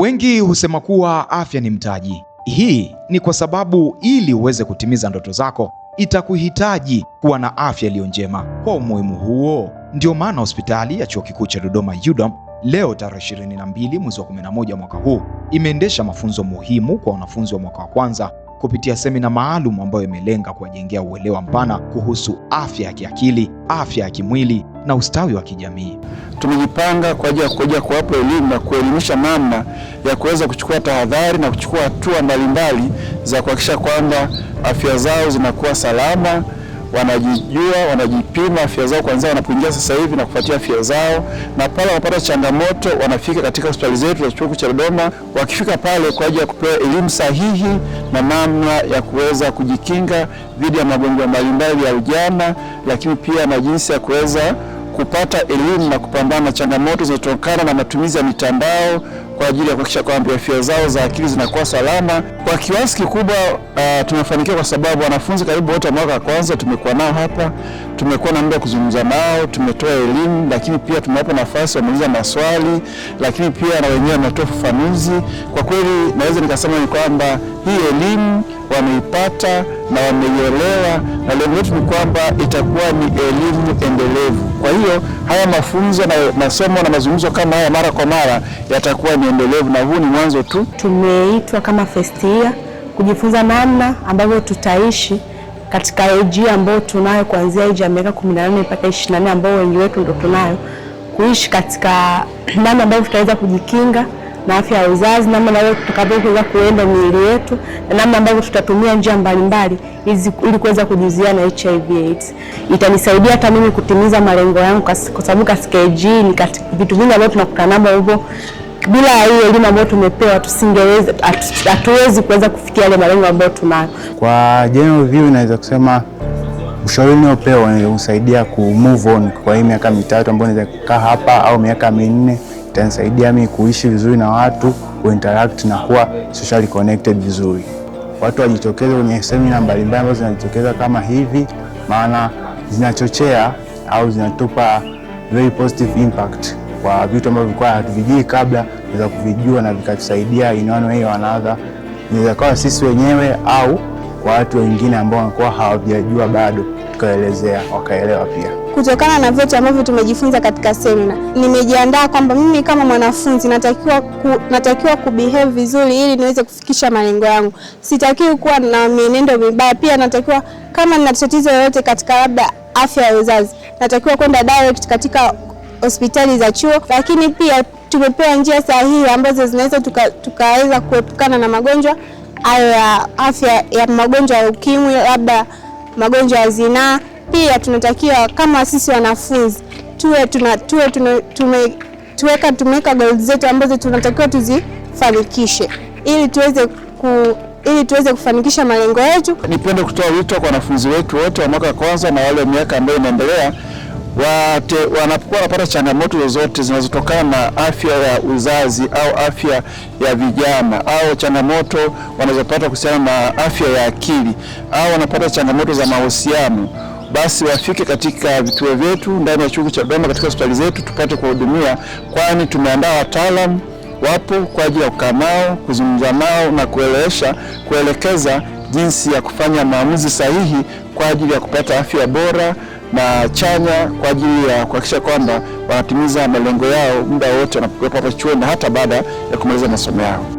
Wengi husema kuwa afya ni mtaji. Hii ni kwa sababu ili uweze kutimiza ndoto zako itakuhitaji kuwa na afya iliyo njema. Kwa umuhimu huo, ndio maana hospitali ya Chuo Kikuu cha Dodoma UDOM leo tarehe 22 mwezi wa 11 mwaka huu imeendesha mafunzo muhimu kwa wanafunzi wa mwaka wa kwanza kupitia semina maalum ambayo imelenga kuwajengea uelewa mpana kuhusu afya ya kiakili, afya ya kimwili na ustawi wa kijamii. Tumejipanga kwa ajili ya kuja kuwapa elimu na kuelimisha namna ya kuweza kuchukua tahadhari na kuchukua hatua mbalimbali za kuhakikisha kwamba afya zao zinakuwa salama, wanajijua, wanajipima afya zao kwanza wanapoingia sasa hivi na kufuatia afya zao, na pale wanapata changamoto wanafika katika hospitali zetu za Chuo cha Dodoma. Wakifika pale kwa ajili ya kupewa elimu sahihi na namna ya kuweza kujikinga dhidi ya magonjwa mbalimbali ya ujana, lakini pia na jinsi ya kuweza kupata elimu na kupambana na changamoto zinazotokana na matumizi ya mitandao kwa ajili ya kuhakikisha kwamba afya zao za akili zinakuwa salama. Kwa kiasi kikubwa uh, tumefanikiwa kwa sababu wanafunzi karibu wote mwaka wa kwanza tumekuwa nao hapa, tumekuwa na muda wa kuzungumza nao, tumetoa elimu, lakini pia tumewapa nafasi wameuliza maswali, lakini pia na wenyewe wametoa ufafanuzi. Kwa kweli naweza nikasema ni kwamba hii elimu wameipata na wameielewa, na lengo letu ni kwamba itakuwa ni elimu endelevu. Kwa hiyo haya mafunzo na masomo na mazungumzo kama haya mara kwa mara yatakuwa ni endelevu, na huu ni mwanzo tu. Tumeitwa kama first year kujifunza namna ambavyo tutaishi katika eji ambayo tunayo kuanzia eji ya miaka 18 mpaka 24 ambao wengi wetu ndio tunayo kuishi katika namna ambavyo tutaweza kujikinga na afya ya uzazi, namna na tutakavyoweza kuenda miili yetu na namna ambavyo tutatumia njia mbalimbali ili kuweza kujizuia na HIV AIDS. Itanisaidia hata mimi kutimiza malengo yangu, kwa sababu katika KG ni vitu vingi ambavyo tunakutana navyo hivyo bila hii elimu ambayo tumepewa tusingeweza, hatuwezi kuweza kufikia yale malengo ambayo tunayo. Kwa general view, inaweza kusema ushauri niopewa unaweza kusaidia ku move on kwa hii miaka mitatu ambayo unaweza kukaa hapa au miaka minne itanisaidia mimi kuishi vizuri na watu, kuinteract na kuwa socially connected vizuri. Watu wajitokeze kwenye semina mbalimbali ambazo zinajitokeza kama hivi, maana zinachochea au zinatupa very positive impact kwa vitu ambavyo vilikuwa hatuvijui kabla, za kuvijua na vikatusaidia in one way or another, inaweza sisi wenyewe au kwa watu wengine ambao wanakuwa hawajajua bado, tukaelezea wakaelewa pia. Kutokana na vyote ambavyo tumejifunza katika semina, nimejiandaa kwamba mimi kama mwanafunzi natakiwa, ku, natakiwa kubehave vizuri ili niweze kufikisha malengo yangu. Sitakiwi kuwa na mienendo mibaya. Pia natakiwa kama nina tatizo lolote katika labda afya ya uzazi, natakiwa kwenda direct katika hospitali za chuo, lakini pia tumepewa njia sahihi ambazo zinaweza tukaweza tuka kuepukana na magonjwa hayo ya afya ya magonjwa ya ukimwi, labda magonjwa ya zinaa. Pia tunatakiwa kama sisi wanafunzi tuwe tuna, tuwe tuna, tume, tuweka tumeweka goals zetu ambazo tunatakiwa tuzifanikishe ili tuweze ku ili tuweze kufanikisha malengo yetu. Nipende kutoa wito kwa wanafunzi wetu wote wa mwaka wa kwanza na wale wa miaka ambayo inaendelea wanapokuwa wanapata changamoto zozote zinazotokana na afya ya uzazi au afya ya vijana au changamoto wanazopata kuhusiana na afya ya akili au wanapata changamoto za mahusiano, basi wafike katika vituo vyetu ndani ya chuo cha Dodoma, katika hospitali zetu tupate kuwahudumia, kwani tumeandaa wataalamu wapo kwa ajili ya kukaa nao, kuzungumza nao na kuelewesha, kuelekeza jinsi ya kufanya maamuzi sahihi kwa ajili ya kupata afya bora na chanya kwa ajili ya kuhakikisha kwamba wanatimiza malengo yao muda wote wanapokuwa hapa chuoni na hata baada ya kumaliza masomo yao.